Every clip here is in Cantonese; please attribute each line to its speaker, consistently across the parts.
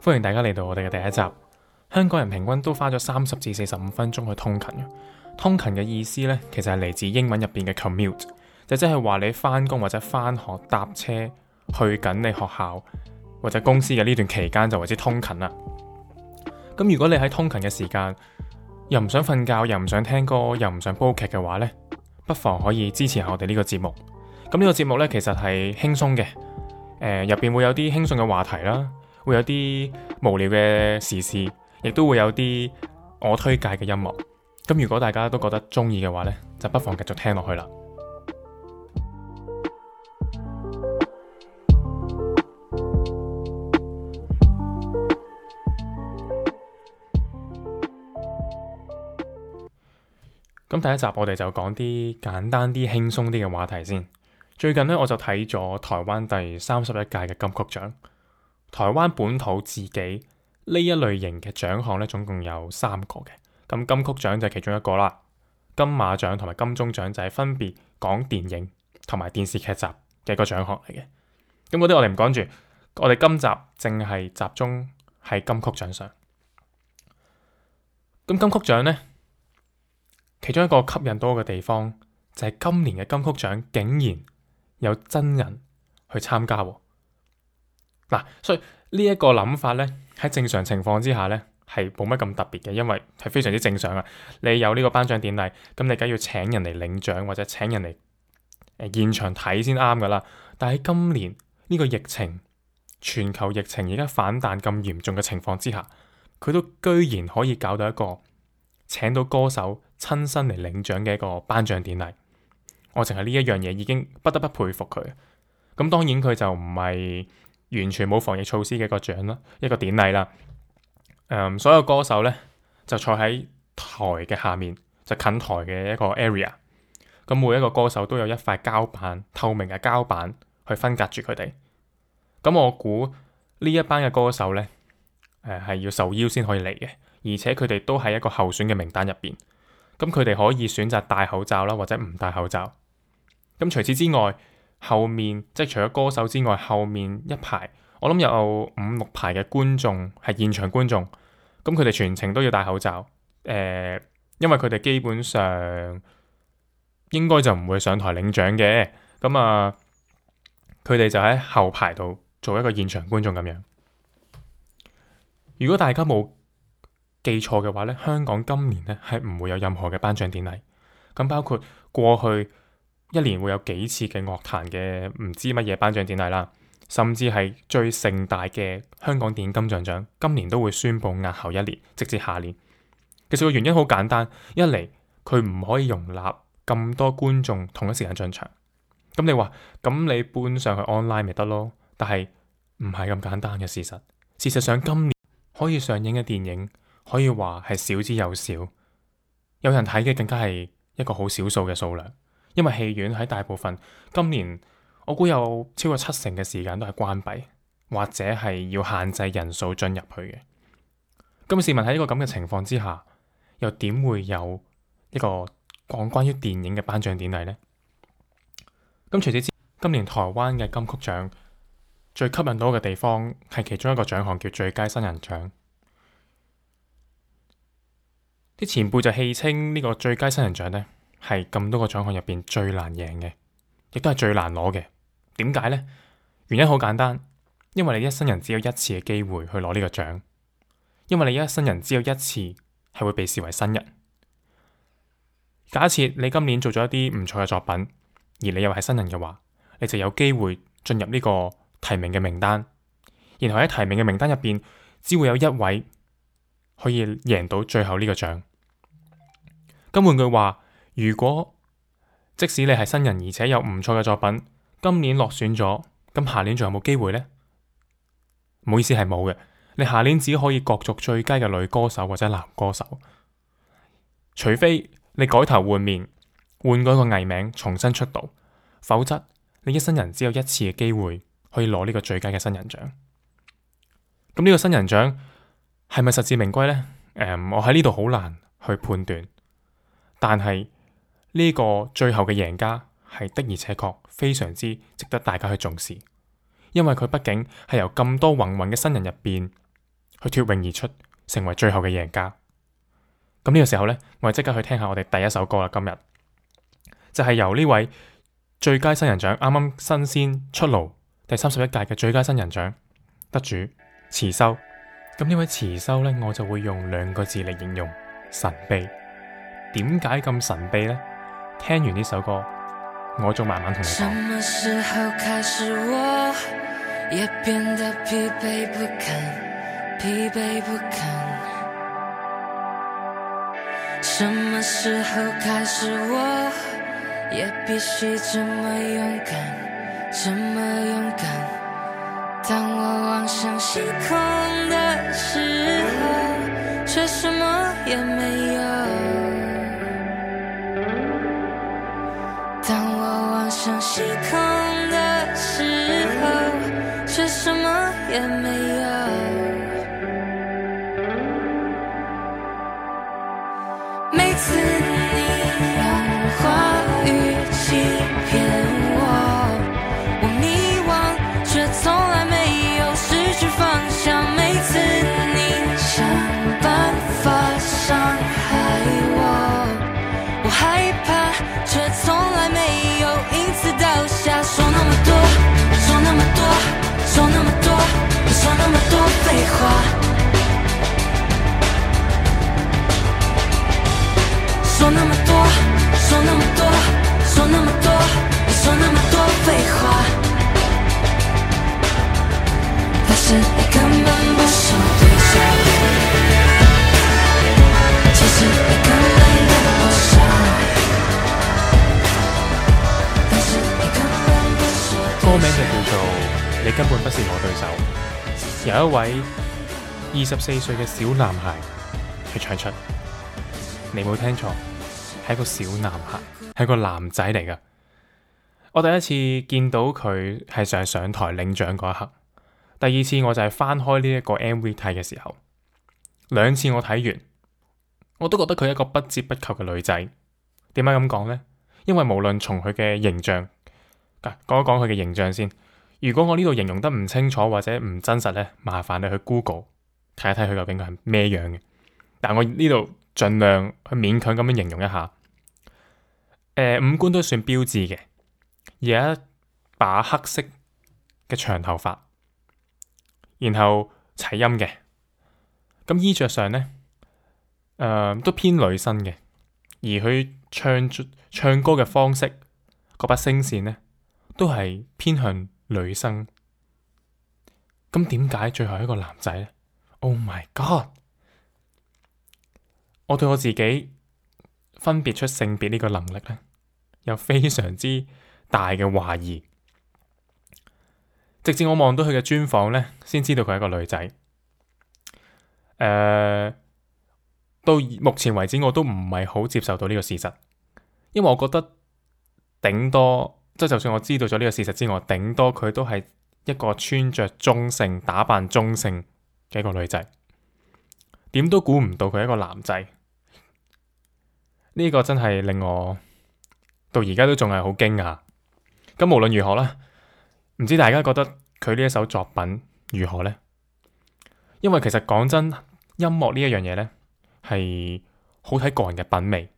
Speaker 1: 歡迎大家嚟到我哋嘅第一集。香港人平均都花咗三十至四十五分鐘去通勤。通勤嘅意思呢，其實係嚟自英文入面嘅 commute，就即係話你返工或者返學搭車去緊你學校或者公司嘅呢段期間就為之通勤啦。咁如果你喺通勤嘅時間，又唔想瞓覺，又唔想聽歌，又唔想煲劇嘅話呢，不妨可以支持下我哋呢個節目。咁呢個節目呢，其實係輕鬆嘅，誒、呃，入邊會有啲輕鬆嘅話題啦，會有啲無聊嘅時事，亦都會有啲我推介嘅音樂。咁如果大家都覺得中意嘅話呢，就不妨繼續聽落去啦。咁第一集我哋就講啲簡單啲，輕鬆啲嘅話題先。最近呢，我就睇咗台灣第三十一屆嘅金曲獎。台灣本土自己呢一類型嘅獎項呢，總共有三個嘅。咁金曲獎就係其中一個啦。金馬獎同埋金鐘獎就係分別講電影同埋電視劇集嘅一個獎項嚟嘅。咁嗰啲我哋唔講住，我哋今集淨係集中喺金曲獎上。咁金曲獎呢，其中一個吸引多嘅地方就係今年嘅金曲獎，竟然有真人去參加喎。嗱，所以呢一個諗法呢，喺正常情況之下呢，係冇乜咁特別嘅，因為係非常之正常啊。你有呢個頒獎典禮，咁你梗要請人嚟領獎，或者請人嚟誒現場睇先啱噶啦。但喺今年呢個疫情全球疫情而家反彈咁嚴重嘅情況之下，佢都居然可以搞到一個請到歌手親身嚟領獎嘅一個頒獎典禮，我淨係呢一樣嘢已經不得不佩服佢。咁當然佢就唔係完全冇防疫措施嘅一個獎啦，一個典禮啦、嗯。所有歌手呢，就坐喺台嘅下面，就近台嘅一個 area。咁每一個歌手都有一塊膠板，透明嘅膠板去分隔住佢哋。咁我估呢一班嘅歌手呢，誒係要受邀先可以嚟嘅，而且佢哋都喺一個候選嘅名單入邊。咁佢哋可以選擇戴口罩啦，或者唔戴口罩。咁除此之外，後面即係除咗歌手之外，後面一排我諗有五六排嘅觀眾係現場觀眾。咁佢哋全程都要戴口罩。誒、呃，因為佢哋基本上應該就唔會上台領獎嘅。咁啊，佢哋就喺後排度做一個現場觀眾咁樣。如果大家冇，記錯嘅話咧，香港今年咧係唔會有任何嘅頒獎典禮咁，包括過去一年會有幾次嘅樂壇嘅唔知乜嘢頒獎典禮啦，甚至係最盛大嘅香港電影金像獎，今年都會宣布押後一年，直至下年。其實個原因好簡單，一嚟佢唔可以容納咁多觀眾同一時間進場。咁你話咁你搬上去 online 咪得咯？但係唔係咁簡單嘅事實。事實上，今年可以上映嘅電影。可以話係少之又少，有人睇嘅更加係一個好少數嘅數量，因為戲院喺大部分今年我估有超過七成嘅時間都係關閉，或者係要限制人數進入去嘅。咁市民喺呢個咁嘅情況之下，又點會有一個講關於電影嘅頒獎典禮呢？咁除此之，今年台灣嘅金曲獎最吸引到嘅地方係其中一個獎項叫最佳新人獎。啲前輩就戲稱呢個最佳新人獎呢，係咁多個獎項入邊最難贏嘅，亦都係最難攞嘅。點解呢？原因好簡單，因為你一生人只有一次嘅機會去攞呢個獎，因為你一生人只有一次係會被視為新人。假設你今年做咗一啲唔錯嘅作品，而你又係新人嘅話，你就有機會進入呢個提名嘅名單，然後喺提名嘅名單入邊，只會有一位可以贏到最後呢個獎。咁換句話，如果即使你係新人，而且有唔錯嘅作品，今年落選咗，咁下年仲有冇機會呢？唔好意思，係冇嘅。你下年只可以角逐最佳嘅女歌手或者男歌手，除非你改頭換面，換過一個藝名，重新出道，否則你一生人只有一次嘅機會可以攞呢個最佳嘅新人獎。咁呢個新人獎係咪實至名歸呢？誒、um，我喺呢度好難去判斷。但係呢、這個最後嘅贏家係的而且確非常之值得大家去重視，因為佢畢竟係由咁多芸芸嘅新人入邊去脫穎而出，成為最後嘅贏家。咁、嗯、呢、這個時候呢，我哋即刻去聽下我哋第一首歌啦。今日就係、是、由呢位最佳新人獎啱啱新鮮出爐第三十一屆嘅最佳新人獎得主持修。咁、嗯、呢位持修呢，我就會用兩個字嚟形容神秘。點解咁神秘呢？聽完呢首歌，我仲慢慢同你講。什麼
Speaker 2: 時候開始，我也變得疲憊不堪，疲憊不堪？什麼時候開始，我也必須這麼勇敢，這麼勇敢。當我望向星空的時候，卻什麼也沒有。當失控的時候，却什麼也沒有。歌名就
Speaker 1: 叫做《你根本不是我對手》。有一位二十四歲嘅小男孩去唱出，你冇聽錯。係一個小男孩，係個男仔嚟噶。我第一次見到佢係上上台領獎嗰一刻，第二次我就係翻開呢一個 MV 睇嘅時候，兩次我睇完，我都覺得佢係一個不折不扣嘅女仔。點解咁講呢？因為無論從佢嘅形象，講、啊、一講佢嘅形象先。如果我呢度形容得唔清楚或者唔真實呢，麻煩你去 Google 睇一睇佢究竟係咩樣嘅。但我呢度盡量去勉強咁樣形容一下。誒、呃，五官都算標致嘅，而有一把黑色嘅長頭髮，然後齊音嘅，咁衣着上咧，誒、呃、都偏女生嘅，而佢唱唱歌嘅方式，嗰把聲線咧都係偏向女生。咁點解最後一個男仔咧？Oh my god！我對我自己分別出性別呢個能力咧，有非常之大嘅懷疑，直至我望到佢嘅專訪呢先知道佢係一個女仔。誒、呃，到目前為止我都唔係好接受到呢個事實，因為我覺得頂多即就，就算我知道咗呢個事實之外，頂多佢都係一個穿着中性、打扮中性嘅一個女仔，點都估唔到佢係一個男仔。呢、呢個真係令我。到而家都仲係好驚訝，咁無論如何啦，唔知大家覺得佢呢一首作品如何呢？因為其實講真，音樂呢一樣嘢呢，係好睇個人嘅品味，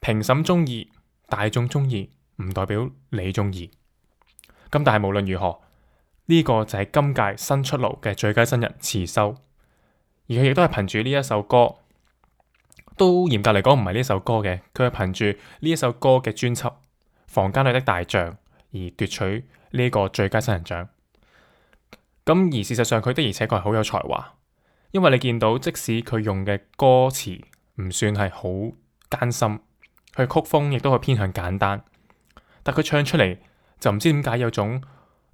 Speaker 1: 評審中意、大眾中意唔代表你中意。咁但係無論如何，呢個就係今屆新出爐嘅最佳新人持修，而佢亦都係憑住呢一首歌。都嚴格嚟講唔係呢首歌嘅，佢係憑住呢一首歌嘅專輯《房間裏的大象》而奪取呢個最佳新人獎。咁而事實上，佢的而且確係好有才華，因為你見到即使佢用嘅歌詞唔算係好艱辛，佢曲風亦都係偏向簡單，但佢唱出嚟就唔知點解有種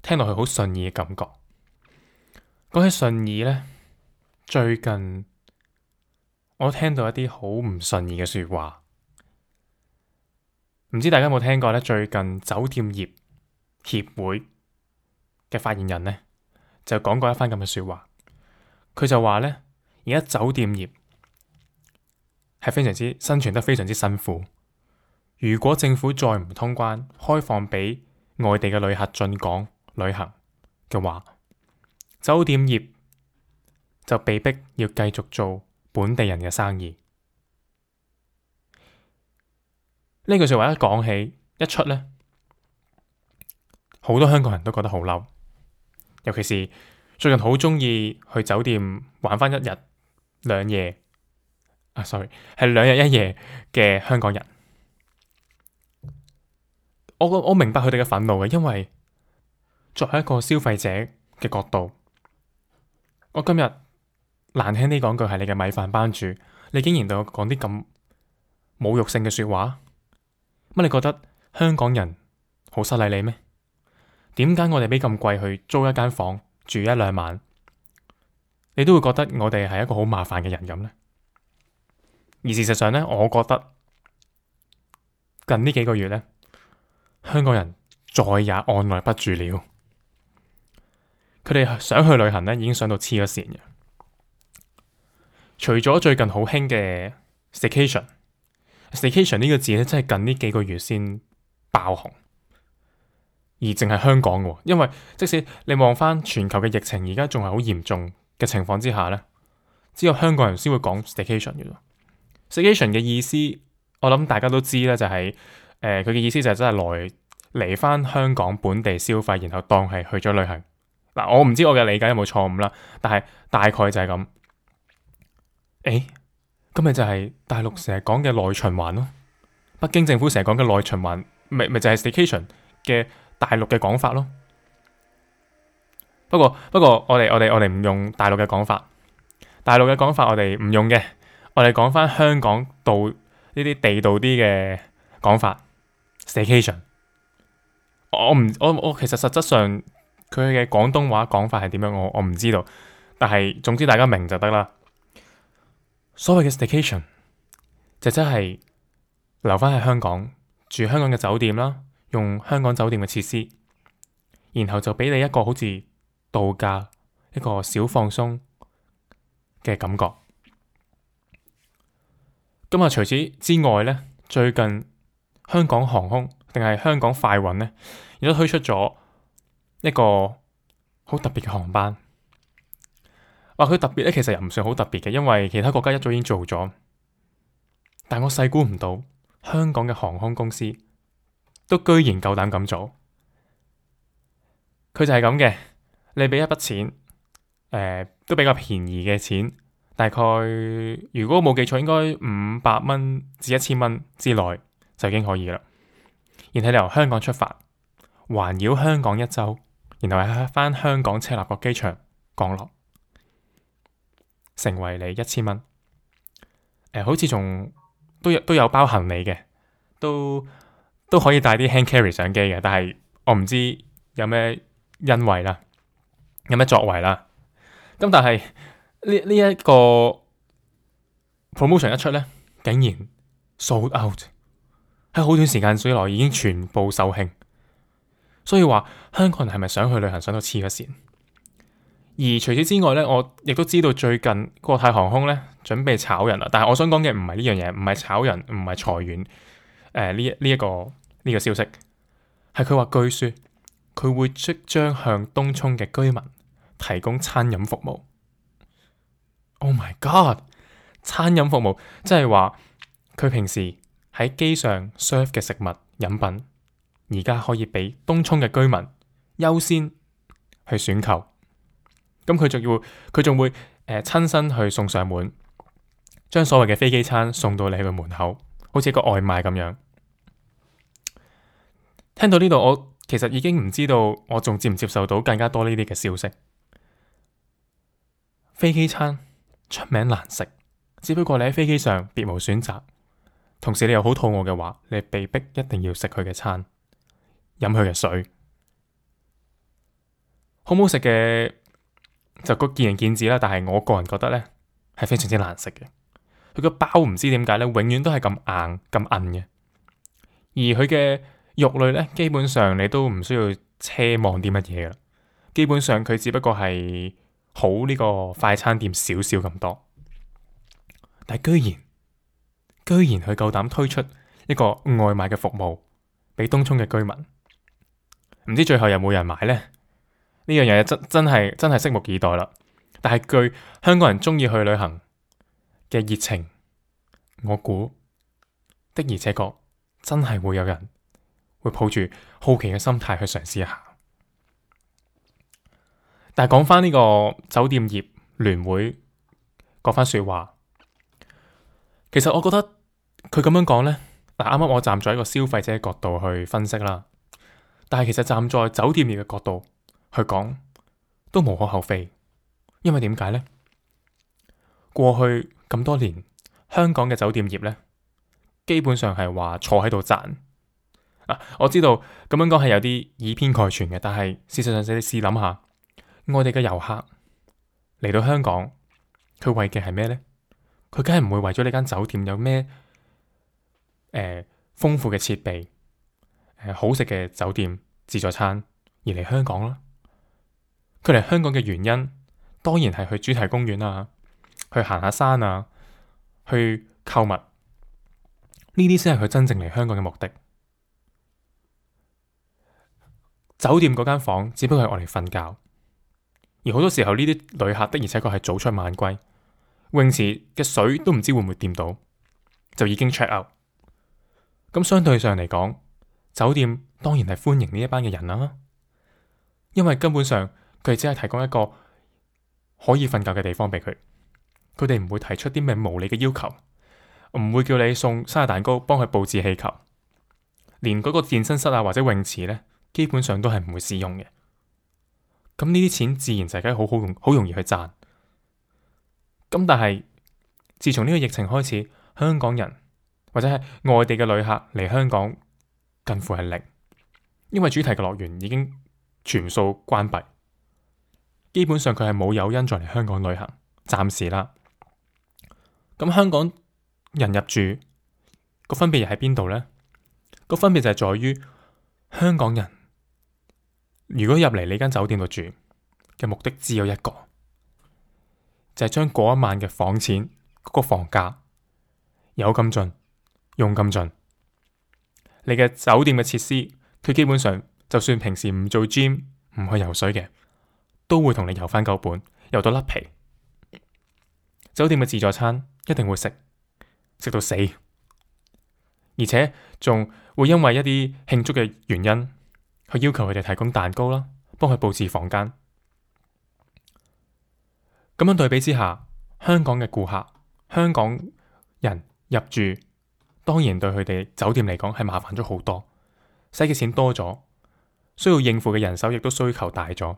Speaker 1: 聽落去好順耳嘅感覺。講起順耳呢，最近。我聽到一啲好唔順意嘅説話，唔知大家有冇聽過呢？最近酒店業協會嘅發言人呢，就講過一番咁嘅説話，佢就話呢，而家酒店業係非常之生存得非常之辛苦。如果政府再唔通關開放俾外地嘅旅客進港旅行嘅話，酒店業就被逼要繼續做本地人嘅生意，呢句說話一講起一出呢，好多香港人都覺得好嬲，尤其是最近好鍾意去酒店玩返一日兩夜，啊，sorry 係兩日一夜嘅香港人。我我明白佢哋嘅憤怒嘅，因為作為一個消費者嘅角度，我今日。難聽啲講句係你嘅米飯班主，你竟然對我講啲咁侮辱性嘅說話？乜你覺得香港人好失禮你咩？點解我哋俾咁貴去租一間房住一兩晚，你都會覺得我哋係一個好麻煩嘅人咁呢？而事實上呢，我覺得近呢幾個月呢，香港人再也按捺不住了，佢哋想去旅行呢，已經想到黐咗線除咗最近好興嘅 Staycation，Staycation 呢個字咧，真係近呢幾個月先爆紅，而淨係香港嘅，因為即使你望翻全球嘅疫情，而家仲係好嚴重嘅情況之下咧，只有香港人先會講 Staycation 嘅。Staycation 嘅意思，我諗大家都知啦，就係、是、誒，佢、呃、嘅意思就係真係來嚟翻香港本地消費，然後當係去咗旅行。嗱、呃，我唔知我嘅理解有冇錯誤啦，但係大概就係咁。誒，咁咪就係大陸成日講嘅內循環咯，北京政府成日講嘅內循環，咪咪就係 staycation 嘅大陸嘅講法咯。不過不過我，我哋我哋我哋唔用大陸嘅講法，大陸嘅講法我哋唔用嘅，我哋講翻香港道呢啲地道啲嘅講法 staycation。我我唔我我其實實質上佢嘅廣東話講法係點樣，我我唔知道，但係總之大家明就得啦。所謂嘅 Staycation 就真係留返喺香港住，香港嘅酒店啦，用香港酒店嘅設施，然後就畀你一個好似度假一個小放鬆嘅感覺。咁啊除此之外咧，最近香港航空定係香港快運咧，亦都推出咗一個好特別嘅航班。話佢特別咧，其實又唔算好特別嘅，因為其他國家一早已經做咗。但我細估唔到，香港嘅航空公司都居然夠膽咁做。佢就係咁嘅，你畀一筆錢，誒、呃，都比較便宜嘅錢，大概如果冇記錯，應該五百蚊至一千蚊之內就已經可以啦。然後你由香港出發，環繞香港一周，然後喺翻香港赤鱲角機場降落。成為你一千蚊，誒、呃，好似仲都有都有包行李嘅，都都可以帶啲 hand carry 上機嘅，但係我唔知有咩恩惠啦，有咩作為啦，咁、嗯、但係呢呢一個 promotion 一出咧，竟然 sold out，喺好短時間之內已經全部售罄，所以話香港人係咪想去旅行想到，想去黐咗線？而除此之外咧，我亦都知道最近國泰航空咧準備炒人啦。但係，我想講嘅唔係呢樣嘢，唔係炒人，唔係裁員。誒、呃，呢呢一個呢、這個消息係佢話，說據説佢會即將向東涌嘅居民提供餐飲服務。Oh my god！餐飲服務即係話佢平時喺機上 serve 嘅食物飲品，而家可以畀東涌嘅居民優先去選購。咁佢仲要，佢仲會誒、呃、親身去送上門，將所謂嘅飛機餐送到你嘅門口，好似一個外賣咁樣。聽到呢度，我其實已經唔知道我仲接唔接受到更加多呢啲嘅消息。飛機餐出名難食，只不過你喺飛機上別無選擇，同時你又好肚餓嘅話，你被逼一定要食佢嘅餐，飲佢嘅水，好唔好食嘅？就個見仁見智啦，但係我個人覺得呢係非常之難食嘅。佢個包唔知點解呢永遠都係咁硬咁韌嘅。而佢嘅肉類呢，基本上你都唔需要奢望啲乜嘢啦。基本上佢只不過係好呢個快餐店少少咁多。但居然居然佢夠膽推出一個外賣嘅服務俾東涌嘅居民，唔知最後有冇人買呢？呢樣嘢真真係真係拭目以待啦！但係據香港人鍾意去旅行嘅熱情，我估的而且確真係會有人會抱住好奇嘅心態去嘗試一下。但係講翻呢個酒店業聯會嗰番說話，其實我覺得佢咁樣講呢，嗱，啱啱我站在一個消費者角度去分析啦，但係其實站在酒店業嘅角度。去講都無可厚非，因為點解呢？過去咁多年，香港嘅酒店業呢，基本上係話坐喺度賺嗱。我知道咁樣講係有啲以偏概全嘅，但係事實上你試想想，你試諗下，外地嘅遊客嚟到香港，佢為嘅係咩呢？佢梗係唔會為咗呢間酒店有咩誒豐富嘅設備誒、呃、好食嘅酒店自助餐而嚟香港啦。佢嚟香港嘅原因，當然係去主題公園啊，去行下山啊，去購物。呢啲先係佢真正嚟香港嘅目的。酒店嗰間房只不過係我嚟瞓覺，而好多時候呢啲旅客的而且確係早出晚歸，泳池嘅水都唔知會唔會掂到，就已經 check out。咁相對上嚟講，酒店當然係歡迎呢一班嘅人啦，因為根本上。佢哋只係提供一個可以瞓覺嘅地方俾佢，佢哋唔會提出啲咩無理嘅要求，唔會叫你送生日蛋糕，幫佢布置氣球，連嗰個健身室啊或者泳池呢，基本上都係唔會使用嘅。咁呢啲錢自然就梗係好好容好容易去賺。咁但係自從呢個疫情開始，香港人或者係外地嘅旅客嚟香港近乎係零，因為主題嘅樂園已經全數關閉。基本上佢係冇誘因再嚟香港旅行，暫時啦。咁香港人入住分別，個分別又喺邊度呢？個分別就係在於香港人如果入嚟呢間酒店度住嘅目的只有一個，就係將嗰一晚嘅房錢，嗰個房價有咁盡用咁盡。你嘅酒店嘅設施，佢基本上就算平時唔做 gym 唔去游水嘅，都會同你游翻夠本，游到甩皮。酒店嘅自助餐一定會食，食到死，而且仲會因為一啲慶祝嘅原因去要求佢哋提供蛋糕啦，幫佢布置房間。咁樣對比之下，香港嘅顧客、香港人入住，當然對佢哋酒店嚟講係麻煩咗好多，使嘅錢多咗，需要應付嘅人手亦都需求大咗。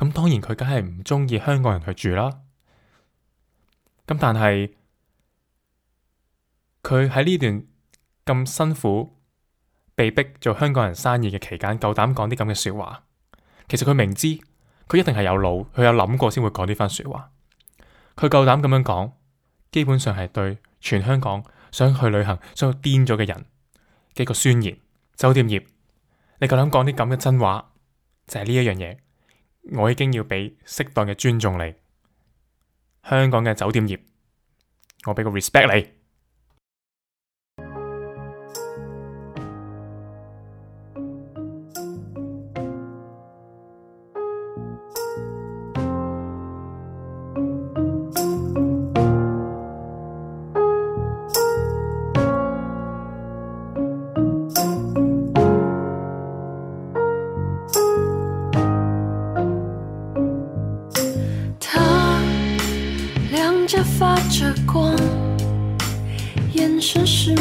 Speaker 1: 咁當然佢梗係唔中意香港人去住啦。咁但係佢喺呢段咁辛苦被逼做香港人生意嘅期間，夠膽講啲咁嘅説話。其實佢明知佢一定係有腦，佢有諗過先會講呢番説話。佢夠膽咁樣講，基本上係對全香港想去旅行、想去癲咗嘅人嘅一個宣言。酒店業你夠膽講啲咁嘅真話，就係呢一樣嘢。我已經要畀適當嘅尊重你，香港嘅酒店業，我畀個 respect 你。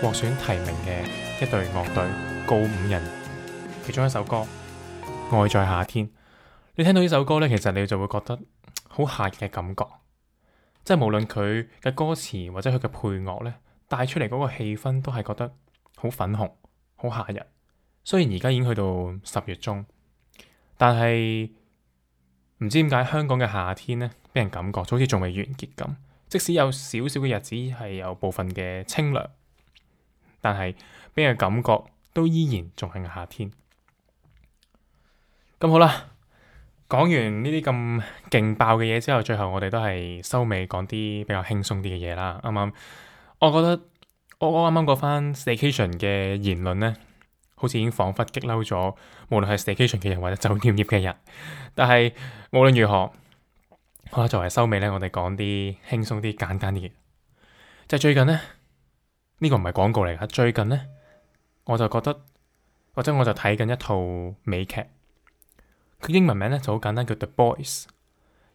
Speaker 1: 獲選提名嘅一隊樂隊，告五人，其中一首歌《愛在夏天》。你聽到呢首歌呢，其實你就會覺得好夏日嘅感覺，即係無論佢嘅歌詞或者佢嘅配樂呢，帶出嚟嗰個氣氛都係覺得好粉紅、好夏日。雖然而家已經去到十月中，但係唔知點解香港嘅夏天呢，俾人感覺就好似仲未完結咁。即使有少少嘅日子係有部分嘅清涼。但係，畀人感覺都依然仲係夏天。咁好啦，講完呢啲咁勁爆嘅嘢之後，最後我哋都係收尾講啲比較輕鬆啲嘅嘢啦。啱啱，我覺得我我啱啱講翻 staycation 嘅言論咧，好似已經彷彿激嬲咗，無論係 staycation 嘅人或者酒店業嘅人。但係無論如何，我哋作為收尾咧，我哋講啲輕鬆啲、簡單啲。嘅。就係、最近咧。呢個唔係廣告嚟噶。最近呢，我就覺得或者我就睇緊一套美劇，佢英文名咧就好簡單，叫 The Boys。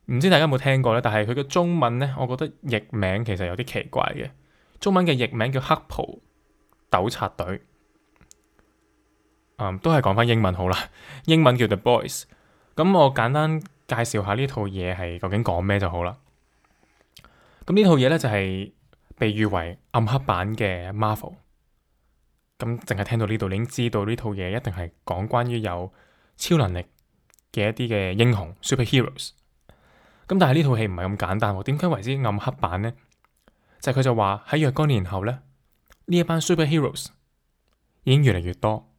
Speaker 1: 唔知大家有冇聽過咧？但係佢嘅中文呢，我覺得譯名其實有啲奇怪嘅。中文嘅譯名叫黑袍糾察隊。嗯，都係講返英文好啦。英文叫 The Boys。咁我簡單介紹下呢套嘢係究竟講咩就好啦。咁呢套嘢呢就係、是。被譽為暗黑版嘅 Marvel，咁淨、嗯、係聽到呢度，你已經知道呢套嘢一定係講關於有超能力嘅一啲嘅英雄 superheroes。咁 Super、嗯、但係呢套戲唔係咁簡單喎。點、哦、解為之暗黑版呢？就係、是、佢就話喺若干年後呢，呢一班 superheroes 已經越嚟越多，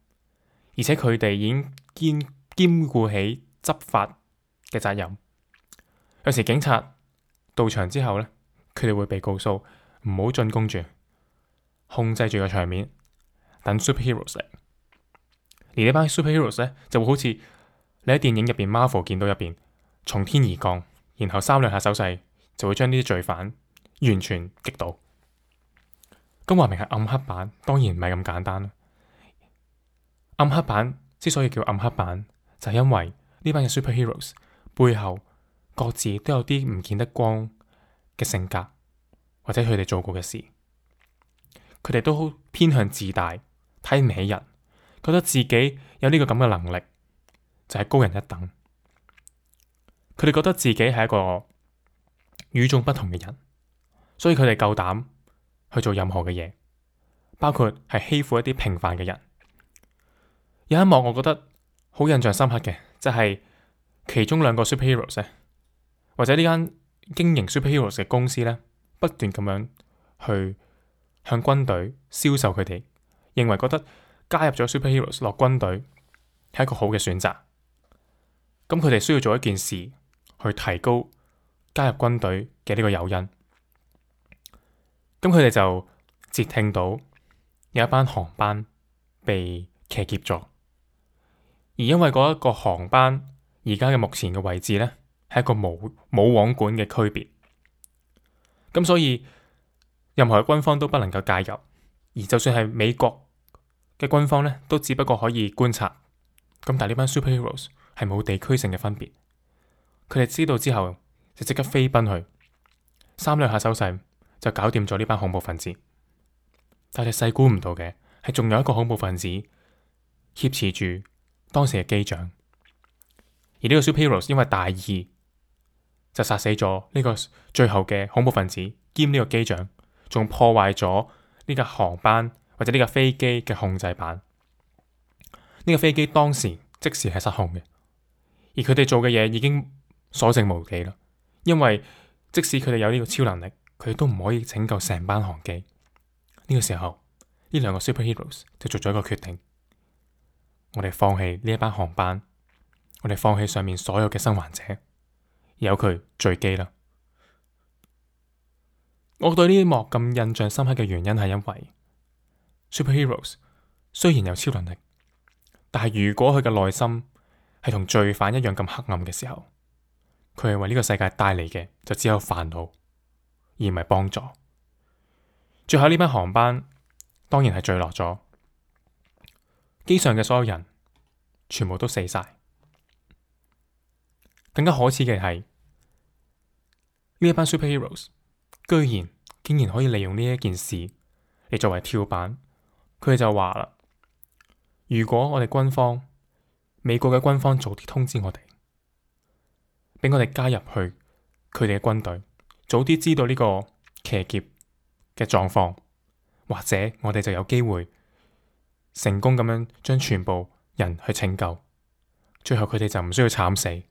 Speaker 1: 而且佢哋已經兼兼顧起執法嘅責任。有時警察到場之後呢，佢哋會被告訴。唔好進攻住，控制住個場面，等 superheroes 嚟。而呢班 superheroes 呢，就會好似你喺電影入邊 Marvel 見到入邊，從天而降，然後三兩下手勢就會將呢啲罪犯完全擊倒。咁話明係暗黑版，當然唔係咁簡單啦。暗黑版之所以叫暗黑版，就係因為呢班嘅 superheroes 背後各自都有啲唔見得光嘅性格。或者佢哋做過嘅事，佢哋都好偏向自大，睇唔起人，覺得自己有呢個咁嘅能力就係高人一等。佢哋覺得自己係一個與眾不同嘅人，所以佢哋夠膽去做任何嘅嘢，包括係欺負一啲平凡嘅人。有一幕我覺得好印象深刻嘅，就係其中兩個 superheroes，或者呢間經營 superheroes 嘅公司呢。不斷咁樣去向軍隊銷售佢哋，認為覺得加入咗 Superheroes 落軍隊係一個好嘅選擇。咁佢哋需要做一件事去提高加入軍隊嘅呢個誘因。咁佢哋就接聽到有一班航班被騎劫劫咗，而因為嗰一個航班而家嘅目前嘅位置呢，係一個冇冇網管嘅區別。咁所以任何軍方都不能夠介入，而就算係美國嘅軍方呢，都只不過可以觀察。咁但係呢班 superheroes 係冇地區性嘅分別，佢哋知道之後就即刻飛奔去，三兩下手勢就搞掂咗呢班恐怖分子。但係細估唔到嘅係，仲有一個恐怖分子挾持住當時嘅機長，而呢個 superheroes 因為大意。就殺死咗呢個最後嘅恐怖分子兼呢個機長，仲破壞咗呢架航班或者呢架飛機嘅控制板。呢個飛機當時即時係失控嘅，而佢哋做嘅嘢已經所剩無幾啦。因為即使佢哋有呢個超能力，佢哋都唔可以拯救成班航機。呢個時候，呢兩個 superheroes 就做咗一個決定：我哋放棄呢一班航班，我哋放棄上面所有嘅生還者。有佢墜機啦！我對呢一幕咁印象深刻嘅原因係因為，superheroes 雖然有超能力，但係如果佢嘅內心係同罪犯一樣咁黑暗嘅時候，佢係為呢個世界帶嚟嘅就只有煩惱，而唔係幫助。最後呢班航班當然係墜落咗，機上嘅所有人全部都死晒。更加可恥嘅係。呢一班 superheroes 居然，竟然可以利用呢一件事嚟，作為跳板，佢哋就話啦，如果我哋軍方，美國嘅軍方早啲通知我哋，俾我哋加入去佢哋嘅軍隊，早啲知道呢個騎劫嘅狀況，或者我哋就有機會成功咁樣將全部人去拯救，最後佢哋就唔需要慘死，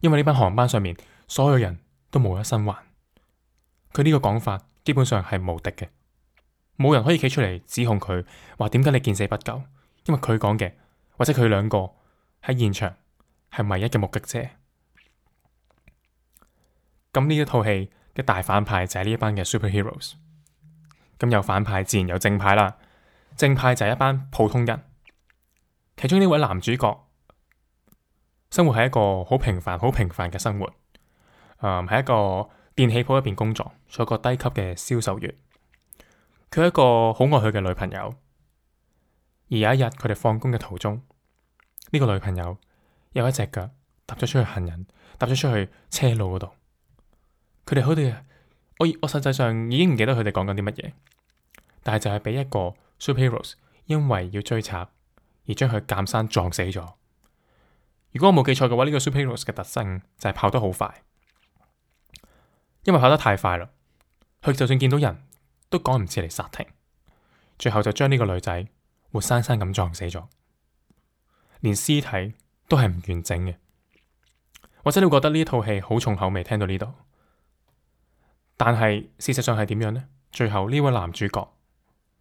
Speaker 1: 因為呢班航班上面，所有人都無一生還。佢呢個講法基本上係無敵嘅，冇人可以企出嚟指控佢話點解你見死不救，因為佢講嘅或者佢兩個喺現場係唯一嘅目擊者。咁呢一套戲嘅大反派就係呢一班嘅 Superheroes。咁有反派自然有正派啦，正派就係一班普通人。其中呢位男主角生活喺一個好平凡、好平凡嘅生活。喺、um, 一個電器鋪一邊工作，做一個低級嘅銷售員。佢係一個好愛佢嘅女朋友，而有一日佢哋放工嘅途中，呢、這個女朋友有一隻腳踏咗出去行人，踏咗出去車路嗰度。佢哋好似，我我實際上已經唔記得佢哋講緊啲乜嘢，但係就係俾一個 superhero 因為要追賊而將佢夾生撞死咗。如果我冇記錯嘅話，呢、這個 superhero 嘅特性就係跑得好快。因為跑得太快啦，佢就算見到人都趕唔切嚟，剎停，最後就將呢個女仔活生生咁撞死咗，連屍體都係唔完整嘅。或者你覺得呢套戲好重口味？聽到呢度，但係事實上係點樣呢？最後呢位男主角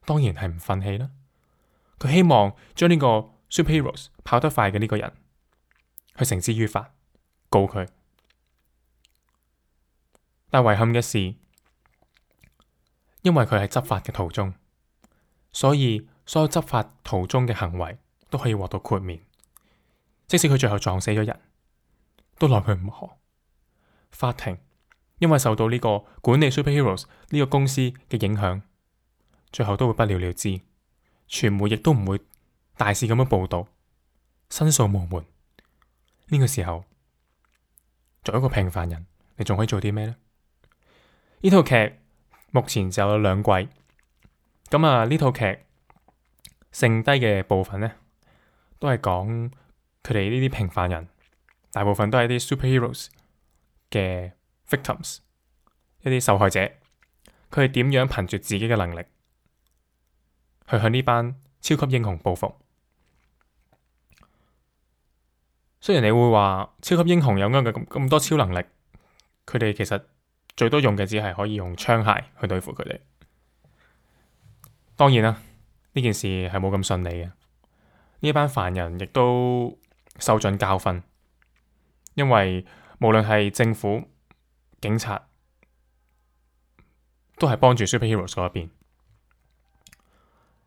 Speaker 1: 當然係唔忿氣啦，佢希望將呢個 superheroes 跑得快嘅呢個人，去繩之於法，告佢。但遺憾嘅是，因為佢喺執法嘅途中，所以所有執法途中嘅行為都可以獲到豁免，即使佢最後撞死咗人，都奈佢唔何。法庭因為受到呢個管理 Superheroes 呢個公司嘅影響，最後都會不了了之，傳媒亦都唔會大肆咁樣報道，申訴無門。呢個時候，作為一個平凡人，你仲可以做啲咩呢？呢套劇目前就有兩季，咁啊呢套劇剩低嘅部分呢，都係講佢哋呢啲平凡人，大部分都係啲 superheroes 嘅 victims，一啲受害者，佢哋點樣憑住自己嘅能力去向呢班超級英雄報復？雖然你會話超級英雄有咁咁多超能力，佢哋其實。最多用嘅只係可以用槍械去對付佢哋。當然啦，呢件事係冇咁順利嘅。呢班凡人亦都受盡教訓，因為無論係政府、警察，都係幫住 Superheroes 嗰一邊。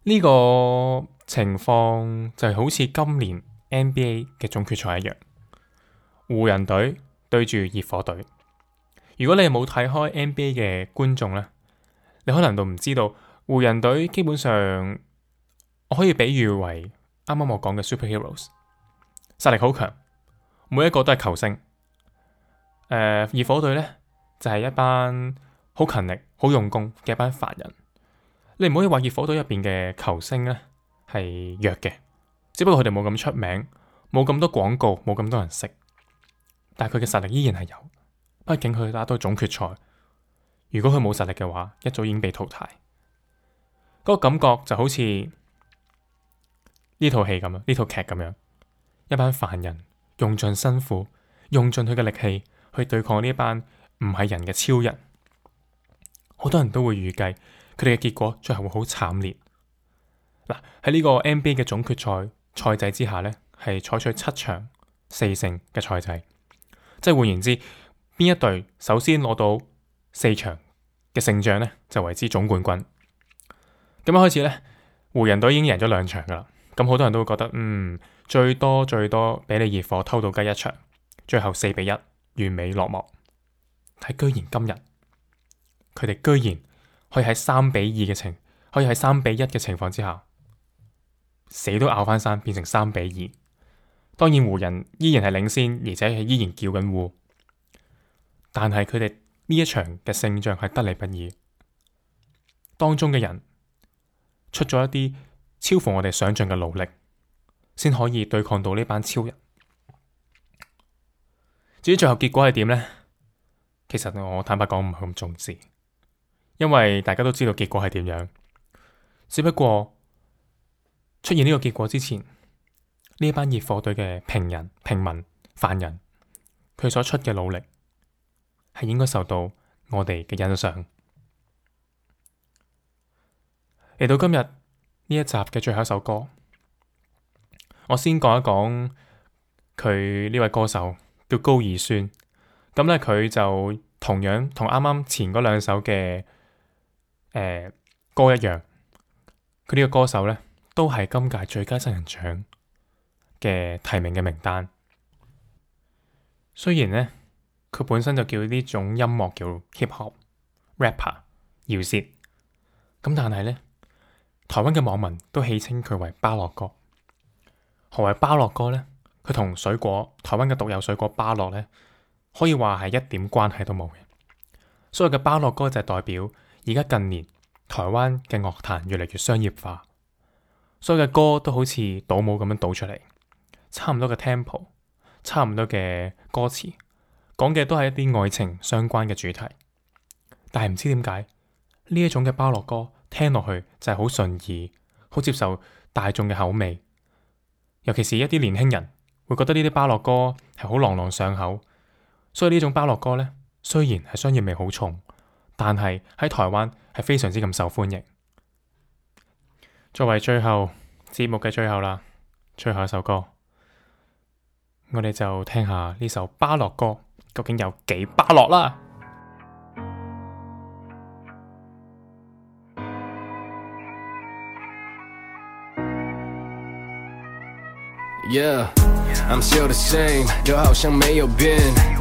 Speaker 1: 呢、這個情況就係好似今年 NBA 嘅總決賽一樣，湖人隊對住熱火隊。如果你係冇睇開 NBA 嘅觀眾呢，你可能都唔知道，湖人隊基本上，我可以比喻為啱啱我講嘅 superheroes，實力好強，每一個都係球星。誒、呃，熱火隊呢，就係、是、一班好勤力、好用功嘅一班凡人。你唔可以話熱火隊入邊嘅球星呢係弱嘅，只不過佢哋冇咁出名，冇咁多廣告，冇咁多人識，但佢嘅實力依然係有。畢竟佢打到總決賽，如果佢冇實力嘅話，一早已經被淘汰。嗰個感覺就好似呢套戲咁樣，呢套劇咁樣，一班凡人用盡辛苦，用盡佢嘅力氣去對抗呢一班唔係人嘅超人。好多人都會預計佢哋嘅結果，最後會好慘烈嗱。喺呢個 NBA 嘅總決賽賽制之下呢，係採取七場四勝嘅賽制，即係換言之。邊一隊首先攞到四場嘅勝仗呢，就為之總冠軍。咁一開始呢，湖人隊已經贏咗兩場噶啦。咁好多人都會覺得，嗯，最多最多俾你熱火偷到雞一場，最後四比一完美落幕。睇居然今日佢哋居然可以喺三比二嘅情，可以喺三比一嘅情況之下死都咬翻山，變成三比二。當然湖人依然係領先，而且係依然叫緊呼。但係佢哋呢一場嘅勝仗係得嚟不易，當中嘅人出咗一啲超乎我哋想象嘅努力，先可以對抗到呢班超人。至於最後結果係點呢？其實我坦白講唔係咁重視，因為大家都知道結果係點樣。只不過出現呢個結果之前，呢班熱火隊嘅平人、平民、凡人，佢所出嘅努力。係應該受到我哋嘅欣賞。嚟到今日呢一集嘅最後一首歌，我先講一講佢呢位歌手叫高爾宣。咁咧佢就同樣同啱啱前嗰兩首嘅誒、呃、歌一樣，佢呢個歌手呢，都係今屆最佳新人獎嘅提名嘅名單。雖然呢。佢本身就叫呢種音樂叫 hip hop rapper 饒舌咁，但係呢，台灣嘅網民都戲稱佢為芭樂歌。何為芭樂歌呢？佢同水果台灣嘅獨有水果芭樂呢，可以話係一點關係都冇嘅。所謂嘅芭樂歌就係代表而家近年台灣嘅樂壇越嚟越商業化，所有嘅歌都好似倒舞咁樣倒出嚟，差唔多嘅 tempo，差唔多嘅歌詞。講嘅都係一啲愛情相關嘅主題，但係唔知點解，呢一種嘅巴樂歌聽落去就係好順耳，好接受大眾嘅口味，尤其是一啲年輕人會覺得呢啲巴樂歌係好朗朗上口，所以呢種巴樂歌呢，雖然係商業味好重，但係喺台灣係非常之咁受歡迎。作為最後節目嘅最後啦，最後一首歌，我哋就聽下呢首巴樂歌。究竟有幾巴落啦
Speaker 3: ？Yeah,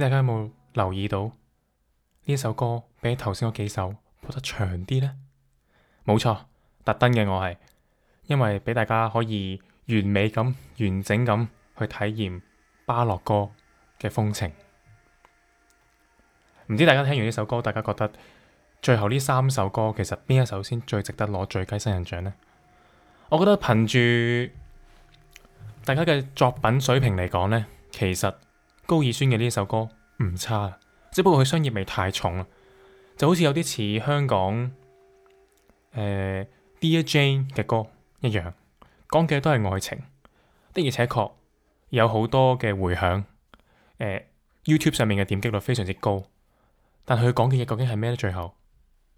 Speaker 1: 大家有冇留意到呢首歌比頭先嗰幾首播得長啲呢？冇錯，特登嘅。我係，因為俾大家可以完美咁完整咁去體驗芭樂歌嘅風情。唔知大家聽完呢首歌，大家覺得最後呢三首歌其實邊一首先最值得攞最佳新人獎呢？我覺得憑住大家嘅作品水平嚟講呢，其實。高爾宣嘅呢首歌唔差，只不過佢商業味太重啦，就好似有啲似香港、呃、DJ 嘅歌一樣，講嘅都係愛情，的而且確有好多嘅回響、呃、YouTube 上面嘅點擊率非常之高，但佢講嘅嘢究竟係咩咧？最後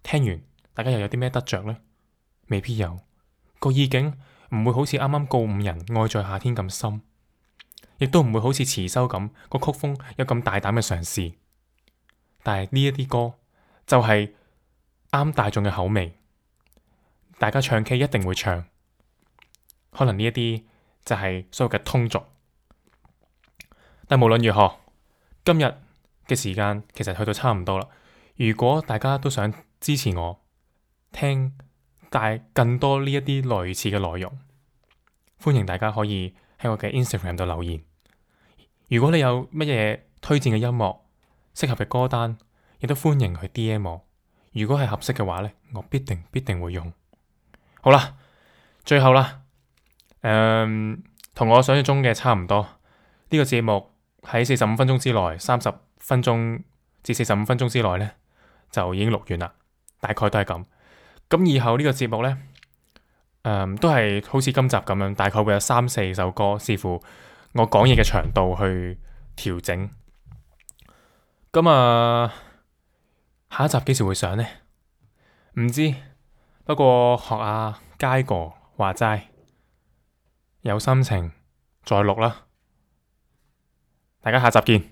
Speaker 1: 聽完，大家又有啲咩得着呢？未必有個意境，唔會好似啱啱告五人《愛在夏天》咁深。亦都唔會好似持修咁個曲風有咁大膽嘅嘗試，但係呢一啲歌就係啱大眾嘅口味，大家唱 K 一定會唱。可能呢一啲就係所謂嘅通俗。但係無論如何，今日嘅時間其實去到差唔多啦。如果大家都想支持我聽帶更多呢一啲類似嘅內容，歡迎大家可以喺我嘅 Instagram 度留言。如果你有乜嘢推薦嘅音樂，適合嘅歌單，亦都歡迎去 DM 我。如果係合適嘅話呢，我必定必定會用。好啦，最後啦，誒、嗯，同我想象中嘅差唔多。呢、這個節目喺四十五分鐘之內，三十分鐘至四十五分鐘之內呢，就已經錄完啦。大概都係咁。咁以後呢個節目呢，誒、嗯，都係好似今集咁樣，大概會有三四首歌，視乎我講嘢嘅長度去調整，咁啊，下一集幾時會上呢？唔知，不過學阿佳哥話齋，有心情再錄啦。大家下集見。